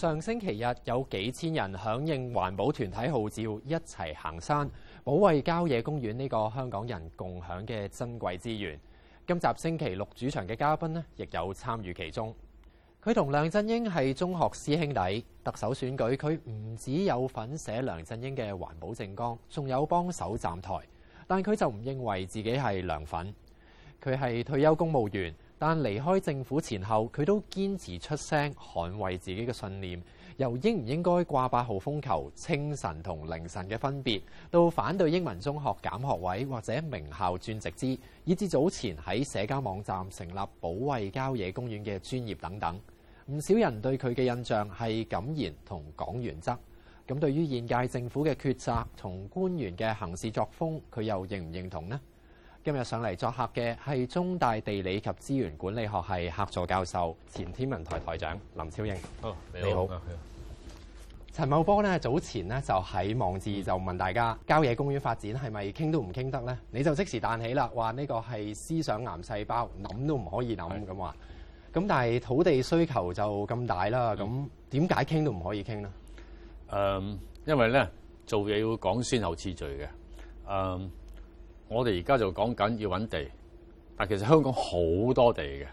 上星期日有幾千人響應環保團體號召，一齊行山，保衛郊野公園呢個香港人共享嘅珍貴資源。今集星期六主場嘅嘉賓呢，亦有參與其中。佢同梁振英係中學師兄弟，特首選舉佢唔止有份寫梁振英嘅環保政綱，仲有幫手站台。但佢就唔認為自己係梁粉，佢係退休公務員。但離開政府前後，佢都堅持出聲捍衛自己嘅信念，由應唔應該掛八號風球、清晨同凌晨嘅分別，到反對英文中學減學位或者名校轉直資，以至早前喺社交網站成立保衛郊野公園嘅專頁等等，唔少人對佢嘅印象係敢言同講原則，咁對於現屆政府嘅決策同官員嘅行事作風，佢又認唔認同呢？今日上嚟作客嘅係中大地理及資源管理學系客座教授、前天文台台長林超英。哦、你好，你好。陳、啊、茂波呢早前呢就喺網誌就問大家郊、嗯、野公園發展係咪傾都唔傾得呢？你就即時彈起啦，話呢個係思想癌細胞，諗都唔可以諗咁話。咁但係土地需求就咁大啦，咁點解傾都唔可以傾呢？嗯，因為呢，做嘢要講先後次序嘅，嗯。我哋而家就講緊要揾地，但其實香港好多地嘅、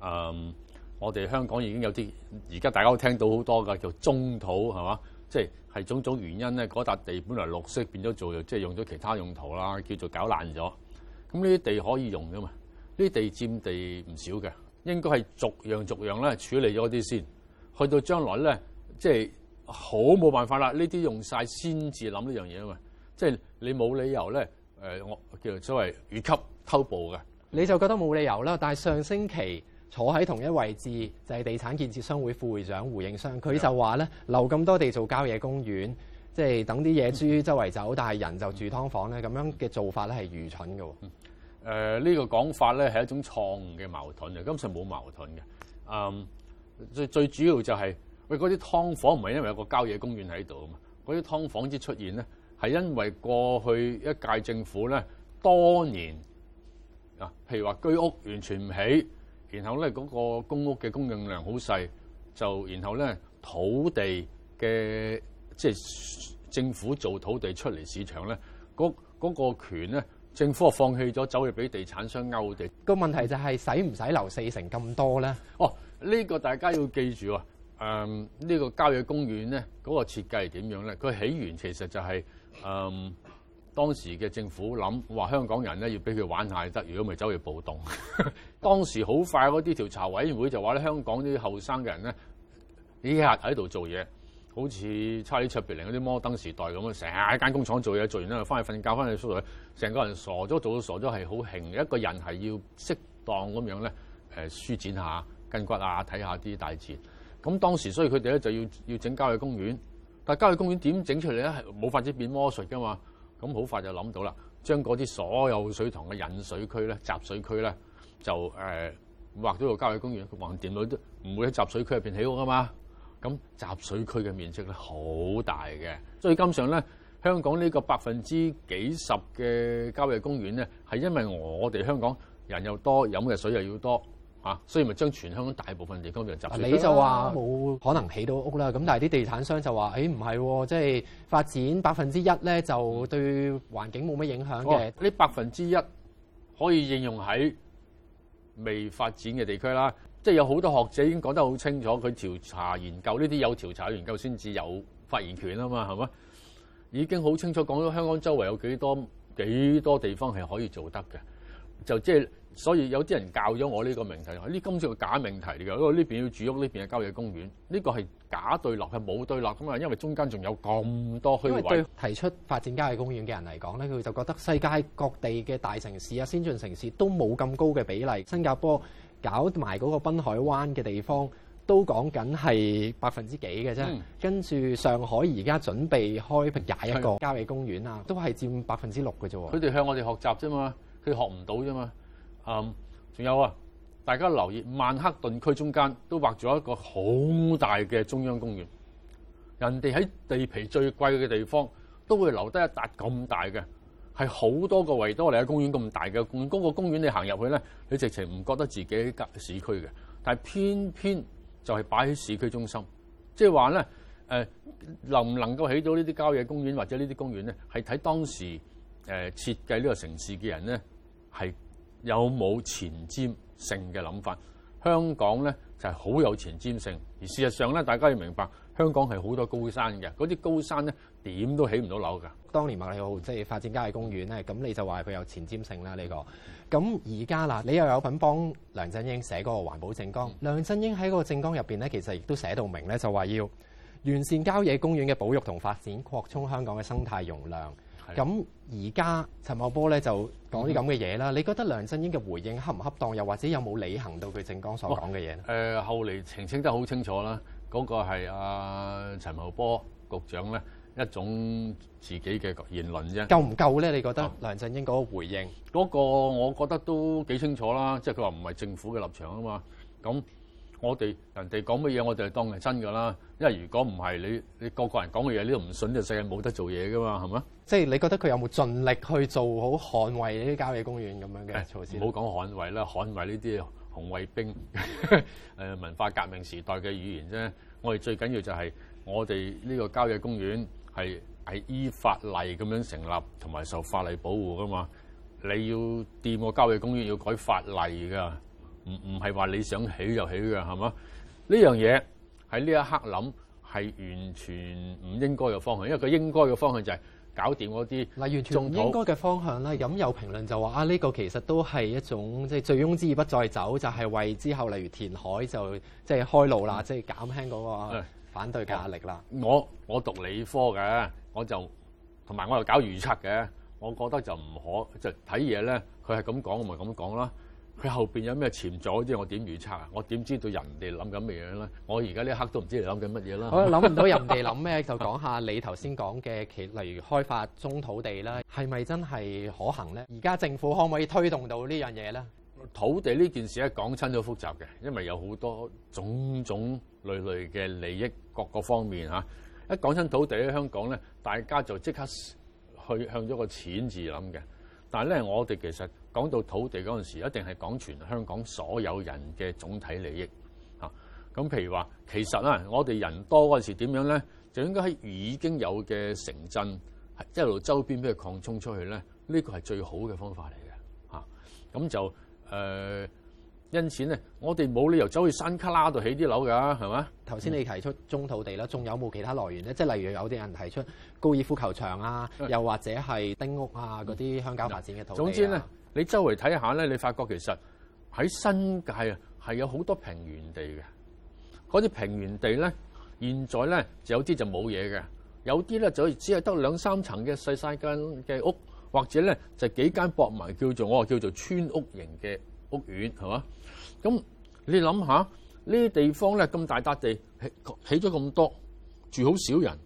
嗯。我哋香港已經有啲，而家大家都聽到好多嘅叫中土係嘛，即係係種種原因咧，嗰笪地本來綠色變咗做，即係用咗其他用途啦，叫做搞爛咗。咁呢啲地可以用嘅嘛？呢啲地佔地唔少嘅，應該係逐樣逐樣咧處理咗啲先。去到將來咧，即係好冇辦法啦。呢啲用曬先至諗呢樣嘢啊嘛，即係你冇理由咧。誒，我叫做所謂越級偷步嘅，你就覺得冇理由啦。但係上星期坐喺同一位置就係、是、地產建設商會副會長胡應湘，佢就話咧留咁多地做郊野公園，即、就、係、是、等啲野豬周圍走，但係人就住劏房咧，咁、嗯、樣嘅做法咧係愚蠢嘅、嗯。誒、呃，呢、這個講法咧係一種錯誤嘅矛盾嘅，根本上冇矛盾嘅。嗯，最最主要就係喂嗰啲劏房唔係因為有個郊野公園喺度啊嘛，嗰啲劏房之出現咧。係因為過去一屆政府咧，多年啊，譬如話居屋完全唔起，然後咧嗰、那個公屋嘅供應量好細，就然後咧土地嘅即係政府做土地出嚟市場咧，嗰嗰、那個權咧，政府啊放棄咗，走入俾地產商勾地。個問題就係使唔使留四成咁多咧？哦，呢、這個大家要記住啊！誒、嗯，呢、這個郊野公園咧，嗰、那個設計係點樣咧？佢起源其實就係、是。嗯，當時嘅政府諗話香港人咧要俾佢玩下得，如果咪走去暴動。 當時好快嗰啲調查委員會就話咧，香港啲後生嘅人咧，依下喺度做嘢，好似差利卓別靈嗰啲摩登時代咁啊，成日喺間工廠做嘢，做完咧就翻去瞓覺，翻去宿舍，成個人傻咗，做到傻咗，係好型。一個人係要適當咁樣咧，誒、舒展下筋骨啊，睇下啲大自然。咁當時所以佢哋咧就要要整郊野公園。但係郊野公園點整出嚟咧？係冇法子變魔術噶嘛？咁好快就諗到啦，將嗰啲所有水塘嘅引水區咧、集水區咧，就、呃、誒畫咗個郊野公園，橫掂都唔會喺集水區入邊起屋噶嘛。咁集水區嘅面積咧好大嘅，所以加上咧，香港呢個百分之幾十嘅郊野公園咧，係因為我哋香港人又多，飲嘅水又要多。所以咪將全香港大部分地方就集中。你就話冇可能起到屋啦，咁但係啲地產商就話：誒唔係，即係發展百分之一咧，就對環境冇乜影響嘅，哦。呢百分之一可以應用喺未發展嘅地區啦。即係有好多學者已經講得好清楚，佢調查研究呢啲，有調查研究先至有發言權啊嘛，係咪？已經好清楚講咗香港周圍有幾多幾多地方係可以做得嘅。就即係，所以有啲人教咗我呢個命題，呢今次係假命題嚟㗎。因為呢邊要住屋，呢邊係郊野公園，呢個係假對立，係冇對立咁啊！因為中間仲有咁多虛位。因為對提出發展郊野公園嘅人嚟講咧，佢就覺得世界各地嘅大城市啊、先進城市都冇咁高嘅比例。新加坡搞埋嗰個濱海灣嘅地方都講緊係百分之幾嘅啫。跟住、嗯、上海而家準備開辟廿一個郊野公園啊，都係佔百分之六嘅啫。佢哋向我哋學習啫嘛。你學唔到啫嘛？嗯，仲有啊，大家留意曼克頓區中間都畫咗一個好大嘅中央公園。人哋喺地皮最貴嘅地方，都會留得一笪咁大嘅，係好多個維多利亞公園咁大嘅。咁、那、公園，個公園你行入去咧，你直情唔覺得自己喺市區嘅。但係偏偏就係擺喺市區中心，即係話咧，誒能唔能夠起到呢啲郊野公園或者呢啲公園咧，係睇當時誒設計呢個城市嘅人咧。係有冇前瞻性嘅諗法？香港咧就係好有前瞻性，而事實上咧，大家要明白香港係好多高山嘅，嗰啲高山咧點都起唔到樓㗎。當年麥理浩即係發展郊野公園咧，咁你就話佢有前瞻性啦呢個。咁而家嗱，你又有份幫梁振英寫嗰個環保政綱，梁振英喺個政綱入邊咧，其實亦都寫到明咧，就話要完善郊野公園嘅保育同發展，擴充香港嘅生態容量。咁而家陳茂波咧就講啲咁嘅嘢啦，你覺得梁振英嘅回應恰唔恰當又，又或者有冇履行到佢政綱所講嘅嘢咧？誒、呃，後嚟澄清得好清楚啦，嗰、那個係阿、啊、陳茂波局長咧一種自己嘅言論啫。夠唔夠咧？你覺得梁振英嗰個回應嗰、嗯，那個，我覺得都幾清楚啦，即係佢話唔係政府嘅立場啊嘛，咁。我哋人哋講乜嘢，我哋當係真噶啦。因為如果唔係，你你個個人講嘅嘢，你都唔信，就世界冇得做嘢噶嘛，係咪？即係你覺得佢有冇盡力去做好捍衛呢啲郊野公園咁樣嘅措施？唔好講捍衛啦，捍衛呢啲紅衛兵誒 文化革命時代嘅語言啫。我哋最緊要就係，我哋呢個郊野公園係係依法例咁樣成立，同埋受法例保護噶嘛。你要掂個郊野公園，要改法例㗎。唔唔係話你想起就起嘅，係嘛？呢樣嘢喺呢一刻諗係完全唔應該嘅方向，因為佢應該嘅方向就係搞掂嗰啲。嗱，完全唔應該嘅方向啦，咁有評論就話啊，呢、這個其實都係一種即係醉翁之意不在酒，就係、是、為之後例如填海就即係、就是、開路啦，即、就、係、是、減輕嗰個反對嘅壓力啦、嗯。我我讀理科嘅，我就同埋我又搞預測嘅，我覺得就唔可就睇嘢咧。佢係咁講，我咪咁講啦。佢後邊有咩潛阻，即係我點預測啊？我點知道人哋諗緊咩樣咧？我而家呢刻都唔知你諗緊乜嘢啦。我諗唔到人哋諗咩， 就講下你頭先講嘅其例如開發中土地啦，係咪真係可行咧？而家政府可唔可以推動到呢樣嘢咧？土地呢件事咧，講親咗複雜嘅，因為有好多種種類類嘅利益，各個方面嚇。一講親土地喺香港咧，大家就即刻去向咗個錢字諗嘅。但係咧，我哋其實講到土地嗰陣時，一定係講全香港所有人嘅總體利益嚇。咁、啊、譬如話，其實啊，我哋人多嗰陣時點樣咧，就應該喺已經有嘅城鎮一路、就是、周邊俾佢擴充出去咧。呢、這個係最好嘅方法嚟嘅嚇。咁、啊、就誒、呃，因此咧，我哋冇理由走去山卡拉度起啲樓㗎，係嘛？頭先你提出中土地啦，仲、嗯、有冇其他來源咧？即係例如有啲人提出高爾夫球場啊，嗯、又或者係丁屋啊嗰啲、嗯、鄉郊發展嘅土地啊。總之你周圍睇下咧，你發覺其實喺新界啊，係有好多平原地嘅。嗰啲平原地咧，現在咧就有啲就冇嘢嘅，有啲咧就，就只係得兩三層嘅細細間嘅屋，或者咧就是、幾間薄埋叫做我叫做村屋型嘅屋苑，係嘛？咁你諗下呢啲地方咧咁大笪地起起咗咁多，住好少人，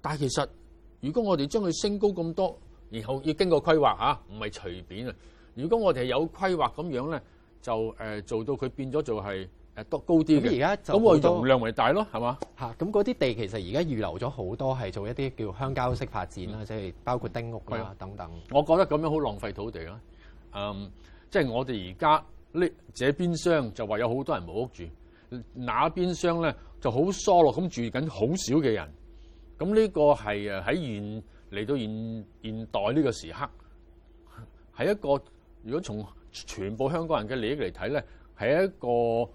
但係其實如果我哋將佢升高咁多。然後要經過規劃嚇，唔係隨便啊！如果我哋有規劃咁樣咧，就誒做到佢變咗做係誒多高啲嘅。而家就容量為大咯，係嘛？嚇！咁嗰啲地其實而家預留咗好多係做一啲叫鄉郊式發展啦，即、嗯、係包括丁屋啦等等。我覺得咁樣好浪費土地啊！嗯，即係我哋而家呢這邊廂就話有好多人冇屋住，那邊廂咧就好疏落咁住緊好少嘅人。咁、這、呢個係誒喺現嚟到現現代呢個時刻，係一個如果從全部香港人嘅利益嚟睇咧，係一個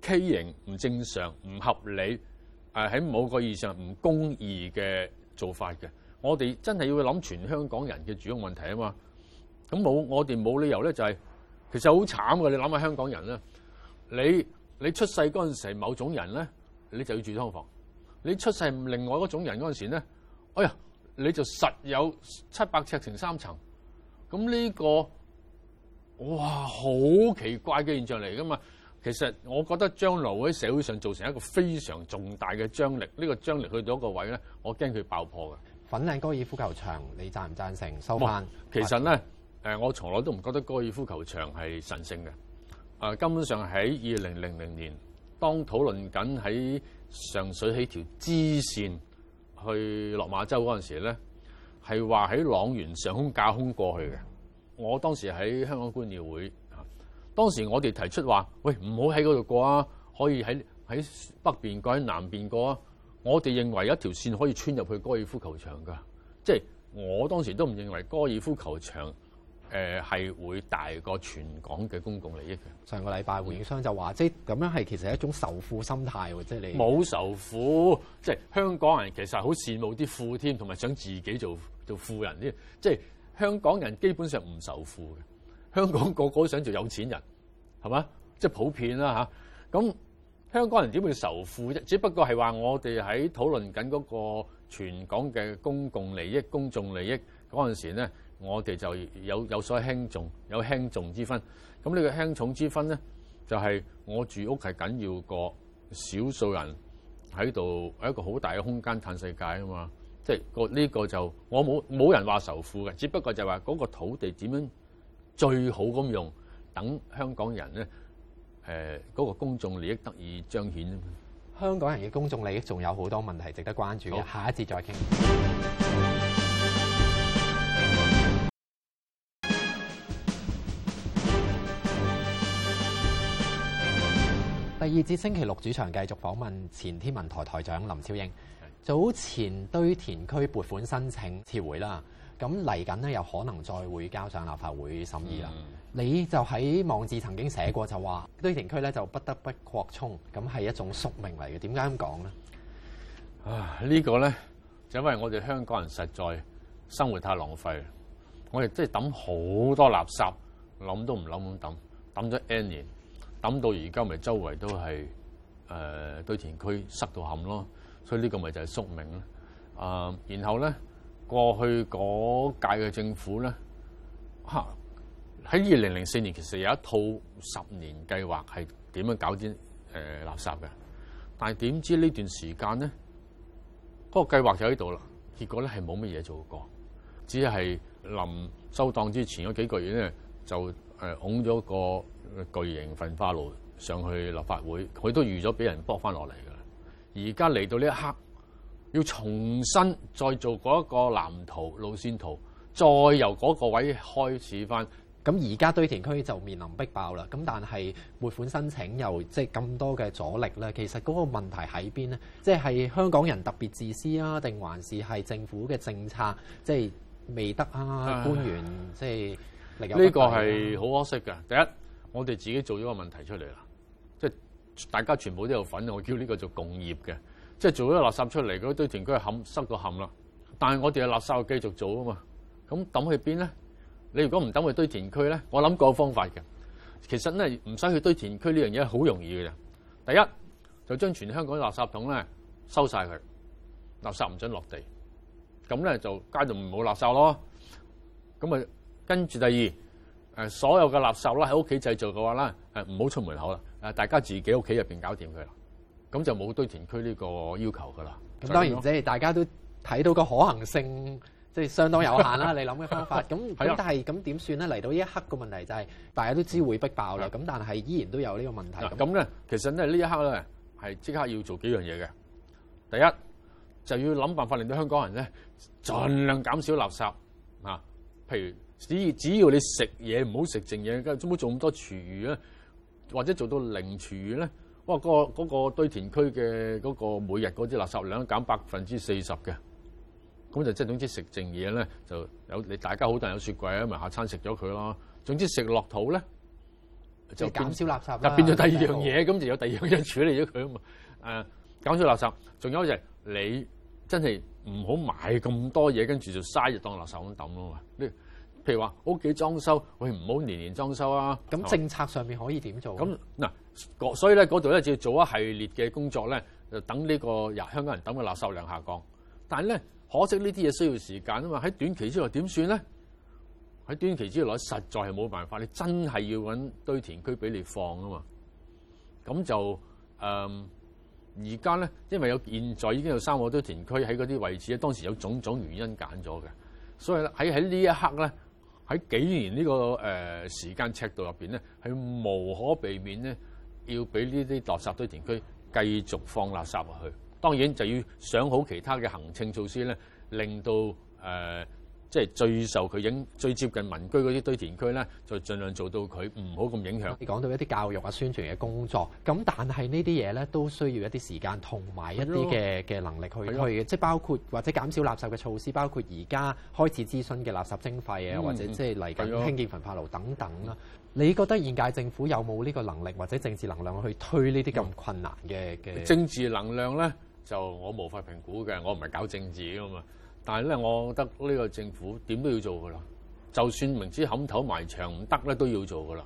畸形、唔正常、唔合理，誒喺某個意義上唔公義嘅做法嘅。我哋真係要諗全香港人嘅主要問題啊嘛。咁冇我哋冇理由咧、就係，就係其實好慘㗎。你諗下香港人咧，你你出世嗰陣時候，係某種人咧，你就要住劏房；你出世唔另外嗰種人嗰陣時咧，哎呀！你就實有七百尺成三層，咁呢個哇好奇怪嘅現象嚟噶嘛？其實我覺得將來會喺社會上造成一個非常重大嘅張力，呢個張力去到一個位咧，我驚佢爆破嘅。粉嶺高爾夫球場，你贊唔贊成？收翻。其實咧、啊，我從來都唔覺得高爾夫球場係神聖嘅、啊。根本上喺二零零零年，當討論緊喺上水起條支線。去落馬洲嗰陣時咧，係話喺塱原上空架空過去嘅。我當時喺香港觀鳥會，當時我哋提出話：喂，唔好喺嗰度過啊，可以喺喺北邊過，喺南邊過啊。我哋認為一條線可以穿入去高爾夫球場㗎，即係我當時都唔認為高爾夫球場。誒、呃、係會大過全港嘅公共利益嘅。上個禮拜，胡應湘就話，即咁樣係其實一種仇富心態，即係你冇仇富，即係香港人其實好羨慕啲富添，同埋想自己做做富人啲。即係香港人基本上唔仇富嘅，香港個個都想做有錢人，係嘛？即係普遍啦、啊、嚇。咁香港人點會仇富？只不過係話我哋喺討論緊嗰個全港嘅公共利益、公眾利益嗰陣時咧。我哋就有有所輕重，有輕重之分。咁呢個輕重之分咧，就係、是、我住屋係緊要過少數人喺度，有一個好大嘅空間嘆世界啊嘛。即係個呢個就，我冇冇人話仇富嘅，只不過就係話嗰個土地點樣最好咁用，等香港人咧誒嗰個公眾利益得以彰顯。香港人嘅公眾利益仲有好多問題值得關注。下一節再傾。第二節星期六主場繼續訪問前天文台台長林超英。早前堆填區撥款申請撤回啦，咁嚟緊呢又可能再會交上立法會審議啦。嗯、你就喺網誌曾經寫過就話堆填區咧就不得不擴充，咁係一種宿命嚟嘅。點解咁講呢？啊，呢、呢個呢，就因為我哋香港人實在生活太浪費，我哋真係抌好多垃圾，諗都唔諗咁抌，抌咗 N 年。諗到而家咪周圍都係誒堆填區塞到冚咯，所以呢個咪就係宿命咯、呃。啊，然後咧過去嗰屆嘅政府咧嚇喺二零零四年其實有一套十年計劃係點樣搞啲誒垃圾嘅，但係點知呢段時間咧嗰、嗰個計劃就喺度啦，結果咧係冇乜嘢做過，只係臨收檔之前嗰幾個月咧就誒拱咗個。巨型焚化爐上去立法會，佢都預咗俾人駁翻落嚟噶啦。而家嚟到呢一刻，要重新再做嗰一個藍圖路線圖，再由嗰個位開始翻。咁而家堆填區就面臨逼爆啦。咁但係撥款申請又即係咁多嘅阻力咧。其實嗰個問題喺邊咧？即、就、係、是、香港人特別自私啊，定還是係政府嘅政策即係、就是、未得啊？官員即係嚟緊呢個係好可惜嘅。第一我哋自己做咗個問題出嚟啦，即係大家全部都有份，我叫呢個做共業嘅，即係做咗垃圾出嚟嗰堆填區冚塞到冚啦。但係我哋嘅垃圾繼續做啊嘛，咁抌去邊咧？你如果唔抌去堆填區咧，我諗個方法嘅，其實咧，唔使去堆填區，呢樣嘢好容易嘅。第一就將全香港嘅垃圾桶咧，收晒佢，垃圾唔准落地，咁咧就街度唔好垃圾咯。咁啊跟住第二。誒所有嘅垃圾啦，喺屋企製造嘅話啦，誒唔好出門口啦，誒大家自己屋企入邊搞掂佢啦，咁就冇堆填區呢個要求噶啦。咁當然即係大家都睇到個可行性，即、就、係、是、相當有限啦。你諗嘅方法，咁咁 但係咁點算咧？嚟到呢一刻個問題就係、是，大家都知會逼爆啦。咁但係依然都有呢個問題。咁咧，其實咧呢一刻咧，係即刻要做幾樣嘢嘅。第一就要諗辦法令到香港人咧盡量減少垃圾 啊，譬如。只只要你食嘢唔好食剩嘢，咁做冇做咁多廚餘咧，或者做到零廚餘咧，哇、嗰個！嗰、嗰、嗰個堆填區嘅嗰、嗰個每日嗰啲垃圾量減百分之四十嘅，咁就即係總之食剩嘢咧就有你大家好大有雪櫃啊，咪下餐食咗佢咯。總之食落肚咧就，減少，就，就、啊、減少垃圾，就變咗第二樣嘢，咁就有第二樣嘢處理咗佢啊嘛。誒減少垃圾，仲有一個就係你真係唔好買咁多嘢，跟住就嘥就當垃圾咁抌咯嘛。譬如話屋企裝修，我唔好年年裝修啊！咁政策上面可以點做？咁嗱，所以咧嗰度咧就要做一系列嘅工作咧，就等呢、呢個日香港人等嘅垃圾量下降。但係咧，可惜呢啲嘢需要時間啊嘛！喺短期之內點算咧？喺短期之內實在係冇辦法，你真係要揾堆填區俾你放啊嘛！咁就誒，而家咧，因為有現在已經有三個堆填區喺嗰啲位置，當時有種種原因揀咗嘅，所以喺喺呢一刻咧。喺幾年呢個誒時間尺度入邊咧，係無可避免咧，要俾呢啲垃圾堆填區繼續放垃圾落去。當然就要想好其他嘅行政措施咧，令到誒。呃即係最受佢影最接近民居嗰啲堆填區咧，就儘量做到佢唔好咁影響。你講到一啲教育啊、宣傳嘅工作，咁但係呢啲嘢咧都需要一啲時間同埋一啲嘅嘅能力去推嘅，即係包括或者減少垃圾嘅措施，包括而家開始諮詢嘅垃圾徵費啊、嗯，或者即係嚟緊興建焚化爐等等啦。你覺得現屆政府有冇呢個能力或者政治能量去推呢啲咁困難嘅嘅、嗯？政治能量咧，就我無法評估嘅，我唔係搞政治㗎嘛。但係咧，我覺得呢個政府點都要做噶啦。就算明知冚頭埋牆唔得咧，都要做噶啦。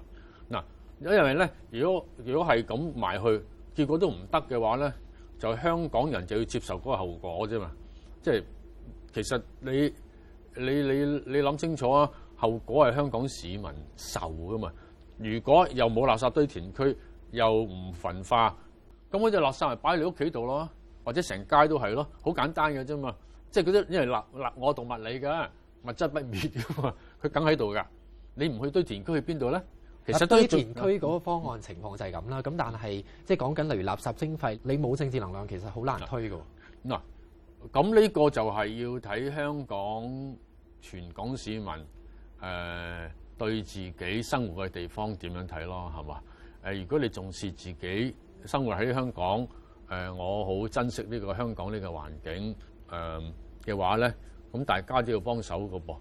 嗱，因為咧，如果如果係咁埋去，結果都唔得嘅話咧，就香港人就要接受嗰個後果啫嘛。即係其實你你你你諗清楚啊，後果係香港市民受噶嘛。如果又冇垃圾堆填區，又唔焚化，咁嗰啲垃圾咪擺喺你屋企度咯，或者成街都係咯，好簡單嘅啫嘛。即係嗰啲，因為垃垃我讀物理㗎，物質不滅㗎嘛，佢梗喺度㗎。你唔去堆填區，去邊度咧？其實堆填區嗰個方案情況就係咁啦。咁、嗯、但係即係講緊例如垃圾徵費，你冇政治能量，其實好難推㗎。嗱，咁呢個就係要睇香港全港市民誒、呃、對自己生活嘅地方點樣睇咯，係嘛？誒、呃，如果你重視自己生活喺香港，誒、呃，我好珍惜呢個香港呢個環境。誒、嗯、嘅話咧，咁大家都要幫手個噃。誒、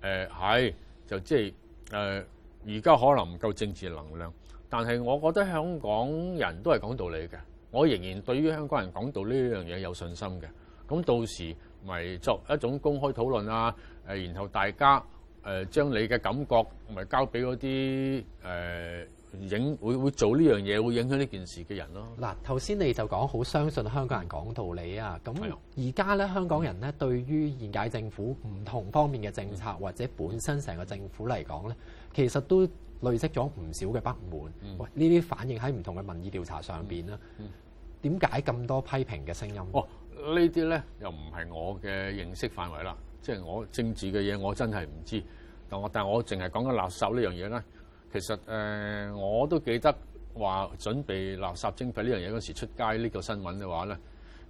呃、係，就即係誒，而、呃、家可能唔夠政治能量，但係我覺得香港人都係講道理嘅，我仍然對於香港人講道理呢樣嘢有信心嘅。咁到時咪作一種公開討論啊、呃、然後大家誒、呃、將你嘅感覺咪交俾嗰啲影會會做呢樣嘢，會影響呢件事嘅人咯。嗱，頭先你就講好相信香港人講道理啊。咁而家咧，香港人咧對於現屆政府唔同方面嘅政策、嗯，或者本身成個政府嚟講咧，其實都累積咗唔少嘅不滿。喂、嗯，呢啲反映喺唔同嘅民意調查上邊啦。點解咁多批評嘅聲音？哦，這些呢啲咧又唔係我嘅認識範圍啦。即、就、係、是、我政治嘅嘢，我真係唔知。但我但係我淨係講緊垃圾呢樣嘢咧。其實、呃、我都記得話準備垃圾徵費呢樣嘢嗰時出街呢個新聞嘅話咧，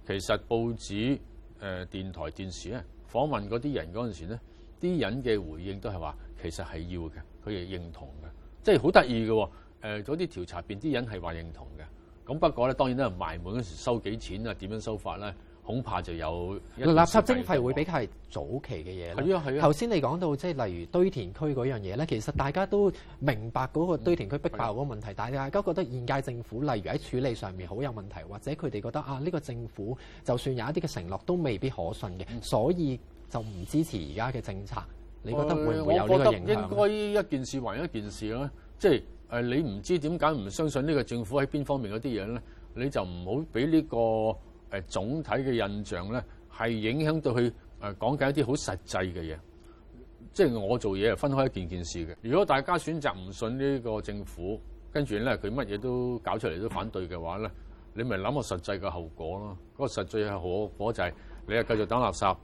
其實報紙誒、呃、電台、電視咧訪問嗰啲人嗰時咧，啲人嘅回應都係話其實係要嘅，佢哋認同嘅，即係好得意嘅。誒、呃，嗰啲調查邊啲人係話認同嘅。咁不過咧，當然啦，都係埋門嗰時收幾錢啊？點樣收法咧？恐怕就有垃圾徵費會比較係早期嘅嘢。係啊係啊。頭先、啊啊、你講到即係例如堆填區嗰樣嘢咧，其實大家都明白嗰個堆填區逼爆嗰個問題，但係、啊、大家都覺得現屆政府例如喺處理上面好有問題，或者佢哋覺得啊呢、呢個政府就算有一啲嘅承諾都未必可信嘅，所以就唔支持而家嘅政策。你覺得會唔會有呢個影響？我覺得應該一件事還一件事啦。即係誒、啊，你唔知點解唔相信呢個政府喺邊方面嗰啲嘢咧，你就唔好俾呢個。誒總體嘅印象咧，係影響到佢誒講緊一啲好實際嘅嘢，即係我做嘢係分開一件件事嘅。如果大家選擇唔信呢個政府，跟住咧佢乜嘢都搞出嚟都反對嘅話咧，你咪諗個實際嘅後果咯。個實際嘅後果就係、是、你又繼續等垃圾，誒、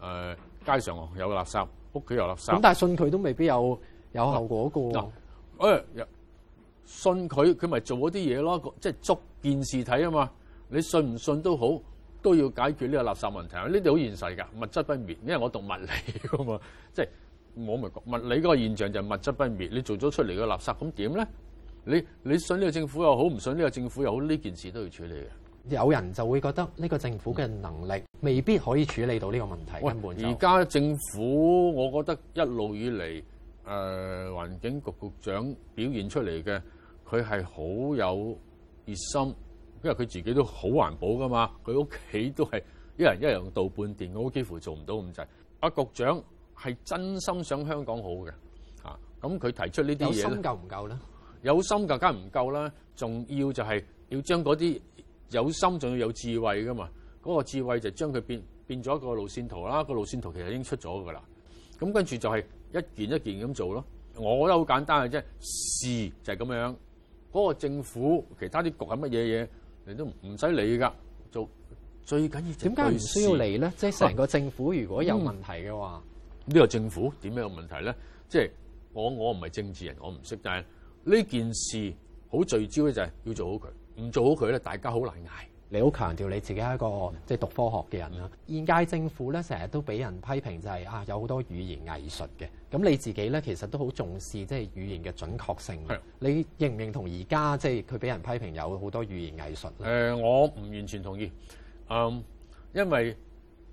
呃、街上又垃圾，屋企有垃圾。咁但係信佢都未必有有效果嘅喎，啊啊哎。信佢佢咪做嗰啲嘢咯，即係捉件事睇啊嘛。你信唔信都好，都要解決呢個垃圾問題。呢度好現實㗎，物質不滅，因為我讀物理㗎嘛，即係我咪講物理嗰個現象就係物質不滅，你做咗出嚟嘅垃圾，咁點咧？你你信呢個政府又好，唔信呢個政府又好，呢件事都要處理嘅。有人就會覺得呢個政府嘅能力、嗯、未必可以處理到呢個問題。喂，而家政府，我覺得一路以嚟，誒、呃、環境局局長表現出嚟嘅，佢係好有熱心。因為佢自己都好環保噶嘛，佢屋企都係一人一人用度半電，我幾乎做唔到咁滯。阿局長係真心想香港好嘅嚇，咁、啊、佢、啊、提出呢啲嘢咧，有心夠唔夠咧？有心更加唔夠啦，仲要就係要將嗰啲有心，仲要有智慧噶嘛。嗰、嗰個智慧就將佢變變咗一個路線圖啦。個路線圖其實已經出咗㗎啦。咁、啊、跟住就係一件一件咁做咯。我覺得好簡單嘅啫，事就係咁樣。嗰、嗰個政府其他啲局係乜嘢嘢？你都唔使理㗎，做最緊要。點解唔需要理咧？即係成個政府如果有問題嘅話，啊，呢、嗯呢個政府點樣有問題咧？即係我我唔係政治人，我唔識。但係呢件事好聚焦咧，就係要做好佢，唔做好佢咧，大家好難捱。你好強調你自己係一個即係讀科學嘅人啦。現屆政府咧，成日都俾人批評就係啊，有好多語言藝術嘅。咁你自己咧，其實都好重視即係語言嘅準確性。你認唔認同而家即係佢俾人批評有好多語言藝術咧、嗯？我唔完全同意。嗯，因為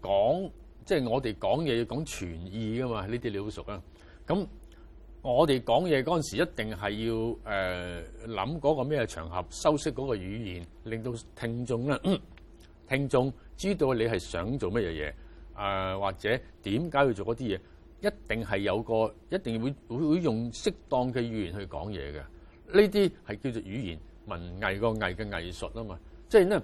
講即係、就是、我哋講嘢要講全意噶嘛，呢啲你好熟啦。咁。我哋講嘢嗰陣時，一定係要誒諗嗰個咩場合，修飾嗰個語言，令到聽眾咧，聽眾知道你係想做乜嘢嘢，誒、呃、或者點解要做嗰啲嘢，一定係有個，一定會會用適當嘅語言去講嘢嘅。呢啲係叫做語言文藝個藝嘅藝術啊嘛，即係咧。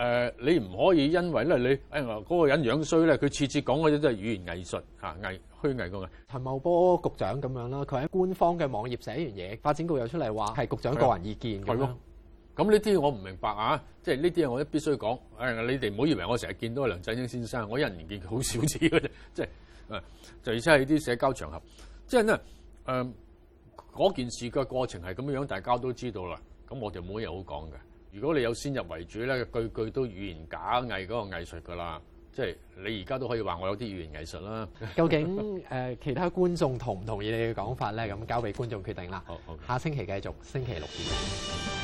誒、呃，你唔可以因為咧，你誒嗰個人樣衰咧，佢次次講嗰啲都係語言藝術嚇，藝虛偽嘅。陳茂波局長咁樣啦，佢喺官方嘅網頁寫完嘢，發展局又出嚟話係局長個人意見咁咯。咁呢啲我唔明白啊，即係呢啲我都必須講。誒、啊，你哋唔好以為我成日見到梁振英先生，我一年見佢好少次嘅啫，即係誒，就而且係啲社交場合，即係咧誒件事嘅過程係咁樣，大家都知道啦。咁我就冇嘢好講嘅。如果你有先入為主咧，句句都語言假藝嗰個藝術㗎啦，即係你而家都可以話我有啲語言藝術啦。究竟誒、呃、其他觀眾同唔同意你嘅講法咧？咁交俾觀眾決定啦。好好，okay. 下星期繼續，星期六見。